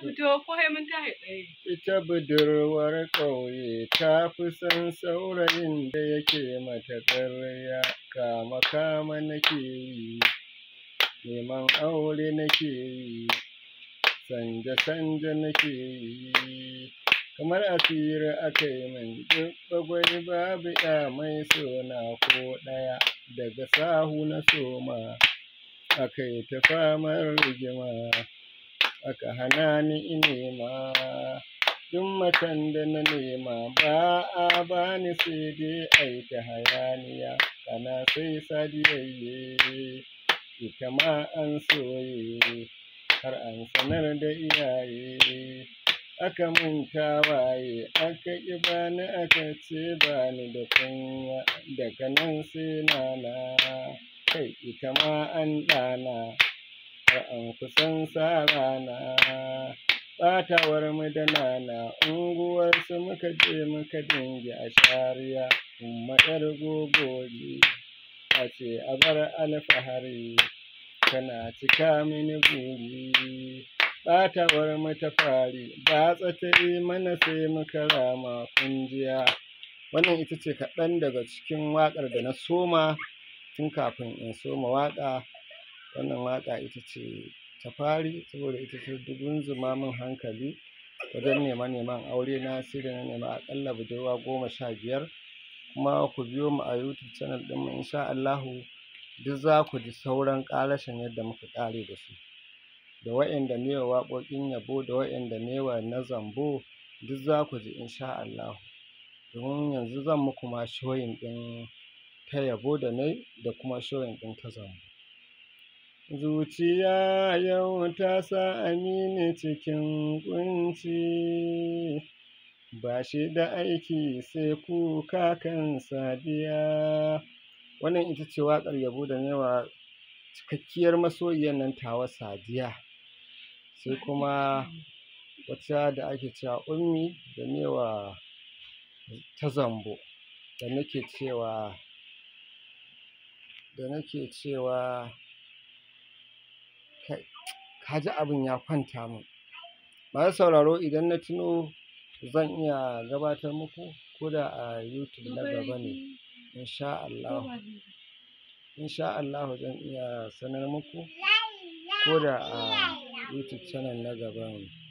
fito ko mun Ita budurwar ƙauye ta fi san saurayin da yake mata ƙarya kama kama nake yi neman aure nake yi sanje sanje nake yi kamar asiri aka yi min duk gwai babu ya mai sona ko ɗaya daga sahu na soma aka yi ta famar rigima. aka hana ni inema, nema duk da na nema ba a bani sai dai ai ta hayaniya kana sai sadiyayye ita ma an soye har an sanar da iyaye aka manta tawaye aka ƙi bani aka ce bani da kunya daga nan sai nana kai ita ma an ɗana kusan sarana batawar mudanana unguwar su muka je muka dinge a shariya umma yar gogogi a ce a bar alfahari tana cika mini buri batawar mu ta fari batsa ta yi mana sai muka rama jiya. wannan ita ce kaɗan daga cikin waƙar da na soma tun kafin in soma waƙa wannan waƙa ita ce ta fari saboda ita ta dugunzuma min hankali wajen nema-neman aure na sai da na nema aƙalla budurwa goma sha biyar kuma ku biyo mu a youtube channel ɗin insha Allahu duk za ku ji sauran ƙarashin yadda muka ƙare da su da waɗanda na waƙoƙin yabo da waɗanda na na zambo duk za ku ji insha Allahu domin yanzu zan muku ma showing ɗin ta yabo da na yi da kuma showing ɗin ta zambo zuciya yau ta sa amini cikin kunci, ba shi da aiki sai kuka kan Sadiya wannan ita ce waƙar yabo da yawa cikakkiyar masoyiyar nan tawa Sadiya sai kuma wata da ake cewa ummi da newa ta zambo da nake cewa da nake cewa kaji abin ya kwanta min masu sauraro idan na tuno zan iya gabatar muku ko da a YouTube na gaba ne insha Allahu insha Allahu zan iya sanar muku ko da a YouTube channel na gaba ne